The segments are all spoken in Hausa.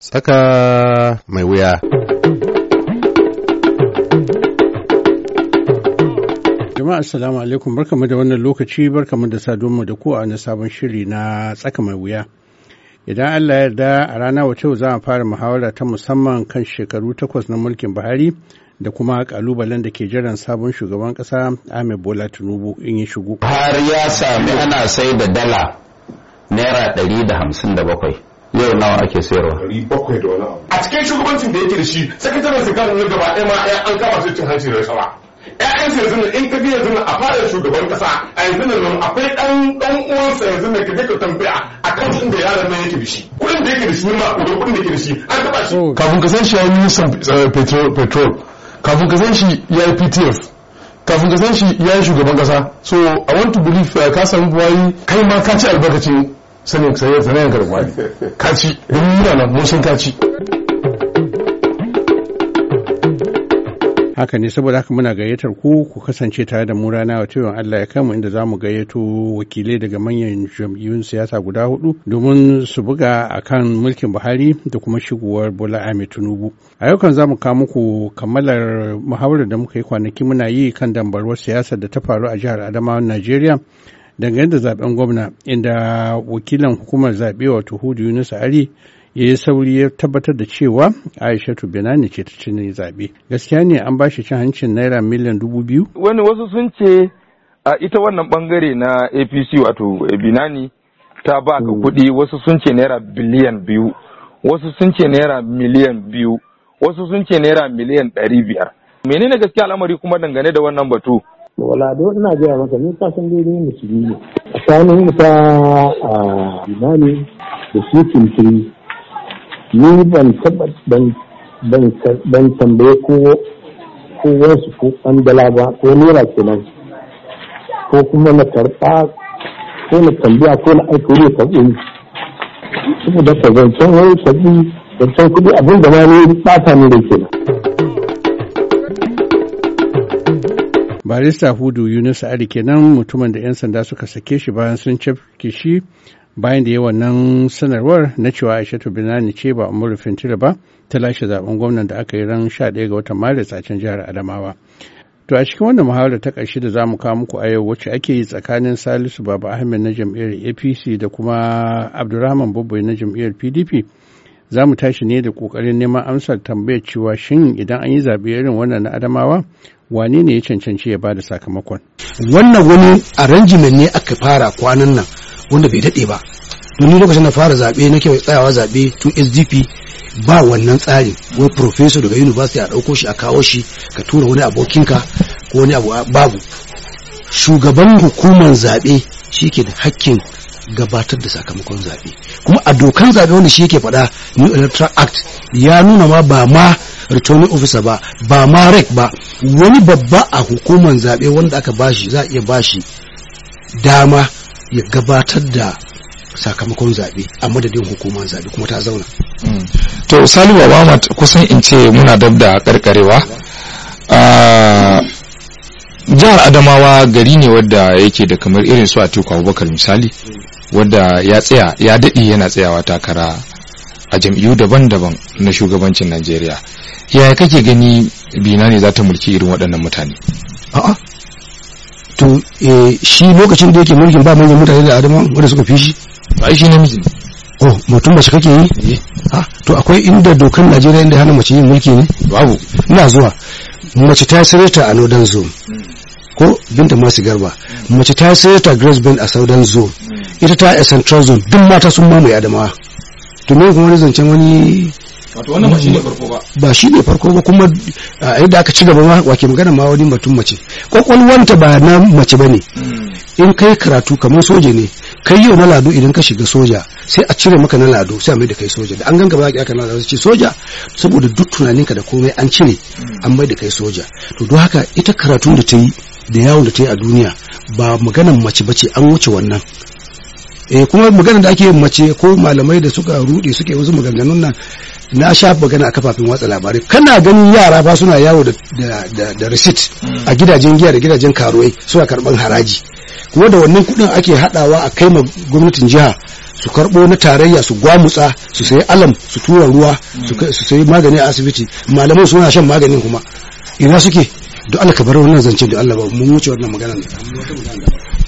Tsaka mai wuya. Jama'a assalamu alaikum barkamu da wannan lokaci barkamu da saduwa da ku a na sabon shiri na tsaka mai wuya. Idan Allah ya yarda a rana wacce za a fara muhawara ta musamman kan shekaru takwas na mulkin Buhari da kuma kalubalen da ke jiran sabon shugaban kasa Ahmed Bola Tinubu in ya shigo. Har ya sami ana sai da dala naira ɗari da hamsin da bakwai. yau nawa ake sayarwa a cikin shugabancin da yake da shi sakataren sikarar na gaba ɗaya ma an kama su cin hanci da Ƴaƴan ƴaƴansa yanzu ne in ka biya yanzu a fara shugaban kasa a yanzu ne nan akwai ɗan ɗan uwansa yanzu ne ka je ka tambaya a kan inda yaron nan yake da shi kuɗin da yake da shi ne ma kuɗin kuɗin da yake da shi an taɓa shi. kafin ka san shi ya yi ministan eh, petrol kafin ka san shi ya yi ptf kafin ka san shi ya yi shugaban kasa so i want to believe eh, ka samu buwayi kai ma ka ci albarkacin sanin saye sanayin garkuwa ne kaci don nan mun kaci haka ne saboda haka muna gayyatar ku ku kasance tare da mu rana wato yawan Allah ya kama inda zamu gayyato wakilai daga manyan jam'iyyun siyasa guda hudu domin su buga akan mulkin Buhari da kuma shigowar Bola Ahmed Tinubu a yau kan zamu kawo muku kammalar muhawarar da muka yi kwanaki muna yi kan dambarwar siyasar da ta faru a jihar Adamawa Najeriya dangane da zaben gwamna inda wakilan hukumar zaɓe wato hudu yunus ali ya yi sauri ya tabbatar da cewa aishatu benani ce ta cinye zaɓe gaskiya ne an ba shi cin hancin naira miliyan dubu biyu wani wasu sun ce a ita wannan bangare na apc wato binani ta ba ka hmm. kuɗi wasu sun ce naira biliyan biyu wasu sun ce naira miliyan biyu wasu sun ce naira miliyan ɗari biyar menene gaskiya al'amari kuma dangane da wannan batu wala don ina gaya maka ni ka san dai musulmi ne tsakanin ta a imani da su kintiri ni ban taba ban tambaye ko wasu ko bandala ba ko nera kenan ko kuma na karɓa ko na tambaya ko na aiko ne karɓi ni saboda ka zancen wani karɓi zancen kudi abin da ma ne ta ne da kenan barista hudu yunus ali kenan mutumin da 'yan sanda suka sake shi bayan sun cafke shi bayan da yawan nan sanarwar na cewa aisha aishatu binani ce ba umaru tira ba ta lashe zaben gwamnan da aka yi ran ɗaya ga watan maris a can jihar adamawa to a cikin wannan muhawarar ta ƙarshe da za mu kawo muku a yau wacce ake yi tsakanin salisu baba ahmed na jam'iyyar apc da kuma abdulrahman babbai na jam'iyyar pdp za mu tashi ne da ƙoƙarin neman amsar tambayar cewa shin idan an yi zaɓe irin wannan na adamawa wane ne ya cancanci ya bada sakamakon wannan wani arrangement ne aka fara kwanan nan wanda bai daɗe ba domin lokacin na fara zaɓe nake mai tsayawa zaɓe tun sdp ba wannan tsari wani professor daga university a ɗauko shi a kawo shi ka tura wani abokinka ko wani abu babu shugaban hukumar zaɓe shi ke da hakkin gabatar da sakamakon zaɓe kuma a dokan zaɓe wanda shi yake faɗa new electoral act ya nuna ma ba ma returning officer ba ba ma rec ba wani babba a hukumar zaɓe wanda aka bashi za a iya bashi dama ya gabatar da sakamakon zaɓe a madadin hukumar zaɓe kuma ta zauna. to hmm. to salihu mat kusan in ce muna dab da karkarewa ah, jihar adamawa gari ne wadda yake da kamar irin su a teku abubakar misali wadda ya tsaya ya dadi yana tsayawa takara a jam'iyyu daban-daban na shugabancin najeriya yaya kake gani bina ne za ta mulki irin waɗannan mutane a'a to eh, shi lokacin da yake mulkin ba manyan mutane da adama wanda suka fi shi ba shi na ne oh mutum mace kake yi eh. a ah, to akwai inda dokar najeriya inda hana mace yin mulki ne babu ina zuwa mace ta sarata a Northern zone hmm. ko binta masu garba mace ta sarata grace bend a Southern zone ita ta central zone duk mata sun mamaye adamawa to me kuma wani zancen wani wato wannan ba shi ne farko ba ba shi ne farko ba kuma yadda aka ci gaba ma wake magana ma wani batun mace kwakwalwanta ba na mace ba ne hmm. in kai karatu kamar soja ne kai yau na lado idan ka shiga soja sai a cire maka na lado sai a mai da kai soja da an ganga ba a ka na lado sai soja saboda duk tunaninka da komai an cire hmm. an mai da kai soja to don haka ita karatun da ta yi da yawon da ta yi a duniya ba maganan mace bace an wuce wannan eh kuma maganar da ake mace ko malamai da suka rude suke wasu maganganun nan na sha magana a kafafen watsa labarai kana ganin yara ba suna yawo da da da receipt a gidajen giya da gidajen karuwai suna karban haraji kuma da wannan kudin ake hadawa a kai ma gwamnatin jiha su karbo na tarayya su gwamutsa su sayi alam su tura ruwa su sayi magani a asibiti malaman suna shan maganin kuma ina suke don Allah ka bar wannan zance da Allah ba mun wuce wannan magana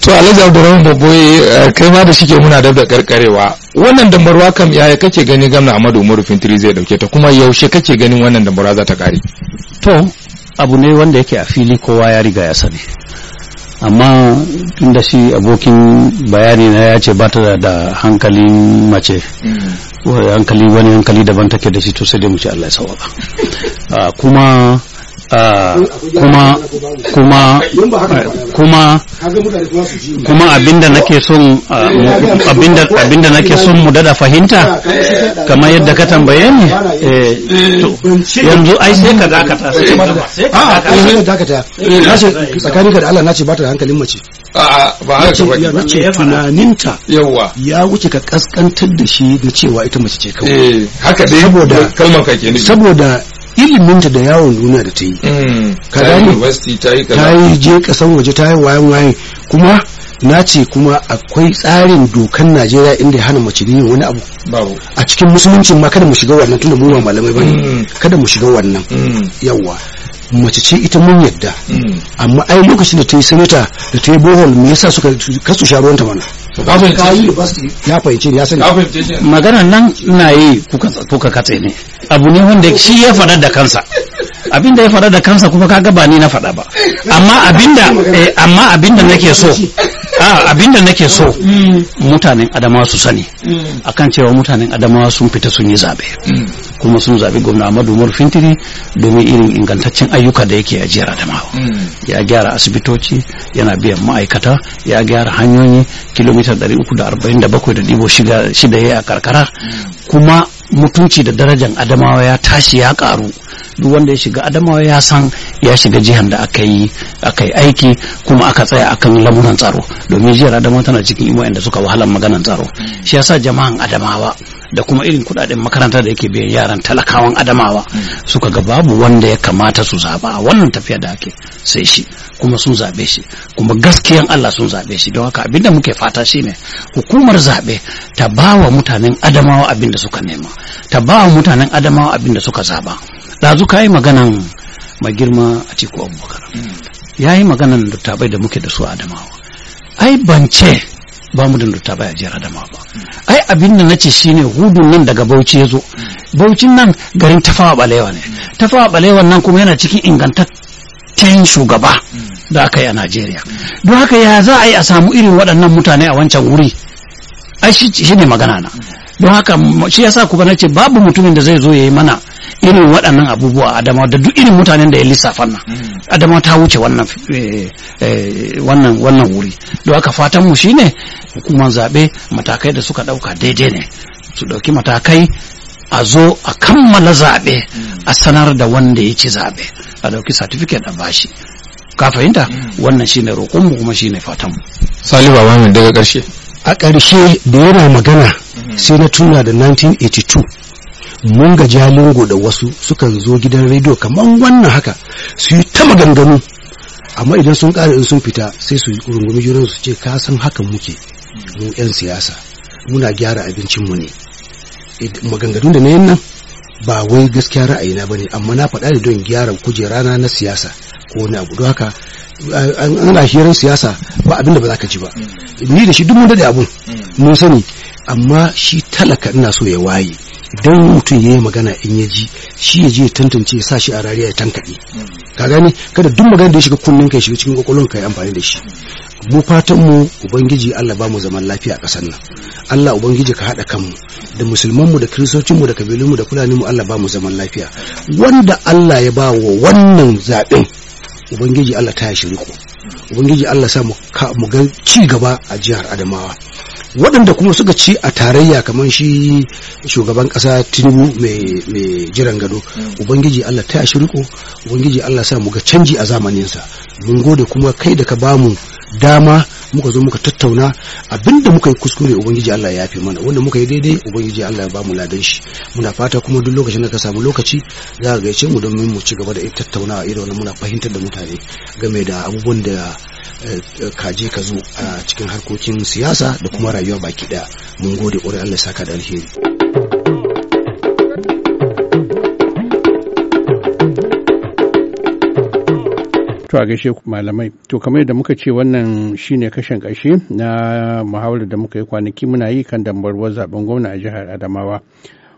to alhaji abdurrahman Baboye eh, kai ma da shike muna dab da karkarewa wannan dambarwa kam yaya kake gani gamna amadu umaru fintiri zai dauke ta kuma yaushe kake ganin wannan dambarwa za ta kare to abu ne wanda yake a fili kowa ya riga ya sani amma tunda shi abokin bayani na ya ce ba ta da hankalin mace hmm. hankali wani hankali daban take da shi to sai dai mu ce Allah ya sawaba ah, kuma kuma kuma kuma kuma abinda nake son uh, abinda abinda nake son mu dada fahimta kamar yadda ka tambaye ni eh yanzu ai sai ka dakata sai ka dakata sai ka tsakanin ah, eh, ka da Allah nace ba ta da hankalin mace a ah, ah, ba haka ba nace tunaninta yawa ya wuce ka kaskantar da shi da cewa ita mace ce kawai eh haka dai saboda kalmar ka kenan saboda iliminta da yawon duniya da ta yi hmm. ka ta yi je kasan waje ta yi wayan wayan kuma na ce kuma akwai tsarin dokan najeriya inda ya hana mace yin wani abu a cikin musulunci ma kada mu shiga wannan tunda mun ba malamai bane hmm. kada mu shiga wannan hmm. yawa mace ce ita mun yadda amma ai lokacin da ta yi sanata da ta yi bohol me yasa suka kasu sharuwanta mana ya fahimci ya sani Magana nan na yi kuka katse ne abu ne wanda shi ya fada da kansa abinda ya fada da kansa kuma kaga ba ni na fada ba amma abinda eh, amma abinda nake so a abinda nake so mm. mutanen adamawa su sani mm. akan cewa mutanen adamawa sun fita sun yi zabe mm. kuma sun zabi gwamna Amadu Umar Fintiri domin irin ingantaccen ayyuka da yake a Adamawa ya gyara asibitoci yana biyan ma'aikata ya gyara hanyoyi kilomita 347.6 a karkara kuma mutunci da darajar Adamawa ya tashi ya karu duk wanda ya shiga adamawa ya san ya shiga jihar da aka yi aiki kuma aka tsaya akan lamuran tsaro domin jihar adamawa tana cikin imoyin da suka wahalar maganan tsaro shi yasa jama'an adamawa da kuma irin kudaden makaranta da yake biyan yaran talakawan adamawa suka ga babu wanda ya kamata su zaba a wannan tafiya da ake sai shi kuma sun zabe shi kuma gaskiyan Allah sun zabe shi don haka abinda muke fata shine hukumar zabe ta bawa mutanen adamawa abinda suka nema ta bawa mutanen adamawa abinda suka zaba Dazu ka yi maganan mai girma a tiku abubakar hmm. ya yi maganan dattabai da muke da su a damawa ai bance ba mu da dattabai a jiyar adamawa ba hmm. ai abin da nace shine hudun nan daga bauchi ya zo hmm. baucin nan garin tafawa balewa ne tafawa balewa nan kuma yana cikin ingantaccen shugaba da aka yi a najeriya don haka ya za a yi a samu irin waɗannan mutane a wancan wuri ai shi ne magana na don haka shi yasa kuma ce babu mutumin da zai zo ya yi mana irin waɗannan abubuwa adama da duk irin mutanen da ya lissafa nan mm. adama ta wuce eh, eh, wannan wannan wuri don aka fatan mu shine hukumar zaɓe matakai da suka ɗauka daidai ne su ɗauki matakai a zo a kammala zaɓe mm. a sanar da wanda ya ci zaɓe a ɗauki certificate a bashi ka fahimta mm. wannan shine roƙonmu kuma shine fatanmu salihu babamin daga ƙarshe a ƙarshe da yana magana sai na tuna da 1982 mun ga jalingo da wasu sukan zo gidan rediyo kamar wannan haka su yi ta maganganu amma idan sun ƙara in sun fita sai su rungumi junan su ce ka san hakan muke mu 'yan siyasa muna gyara abincinmu ne maganganun da na yin nan ba wai gaskiya ra'ayina bane amma na faɗa ne don gyara kujerana na siyasa ko na abu haka an hirar siyasa ba abin da ba za ka ji ba ni da shi duk mun dade abun mun sani amma shi talaka ina so ya waye Dan mutum ya yi magana in ya ji shi ya je ya tantance ya sa shi a rariya ya tankaɗe ka gane kada duk magana da ya shiga kunnen ka shiga cikin kwakwalwar ka ya amfani da shi mu fatan mu ubangiji Allah ba mu zaman lafiya a ƙasar nan Allah ubangiji ka haɗa kanmu da musulmanmu da kiristocin mu da kabilun mu da fulani mu Allah ba mu zaman lafiya wanda Allah ya ba wa wannan zaɓen ubangiji Allah ta ya shiriko ubangiji Allah sa mu ga ci gaba a jihar Adamawa waɗanda kuma suka ci a tarayya kamar shi shugaban ƙasa tinubu mai jiran gado ubangiji allah ta shi riko ubangiji allah sa mu ga canji a zamaninsa mun gode kuma kai da ka bamu dama muka zo muka tattauna abinda muka yi kuskure ubangiji Allah ya yafe mana wanda muka yi daidai ubangiji Allah ya bamu ladan shi muna fata kuma duk lokacin da ka samu lokaci za ka gaice mu domin mu ci gaba da tattaunawa irin wannan muna fahimtar da mutane game da abubuwan da eh, kaje ka zo a cikin harkokin siyasa da kuma rayuwa baki daya mun gode ƙwarai Allah saka da alheri To a gaishe malamai. To kamar da muka ce wannan shine kashin ƙarshe na muhawarar da muka yi kwanaki muna yi kan dambarwar zaben gwamna a jihar Adamawa.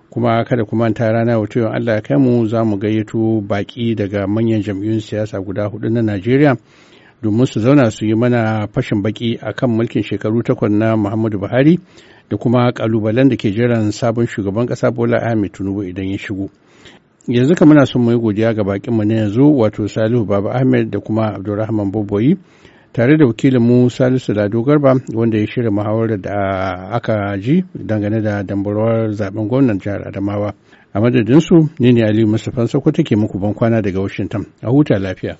Kuma kada kuma ta rana wato yawan Allah ya kai mu za mu gayyato baƙi daga manyan jam'iyyun siyasa guda hudu na Najeriya domin su zauna su yi mana fashin baki a kan mulkin shekaru takwas na Muhammadu Buhari da kuma kalubalen da ke jiran sabon shugaban ƙasa Bola Ahmed Tinubu idan ya shigo. yanzu kamar na son mu yi godiya ga bakin mu na yanzu wato Salihu Baba Ahmed da kuma Abdulrahman Boboyi tare da wakilin mu Salisu Lado Garba wanda ya shirya muhawarar da aka ji dangane da dambarwar zaben gwamnan jihar Adamawa a madadinsu ne ne Ali Mustapha Sokoto ke muku ban kwana daga Washington a huta lafiya.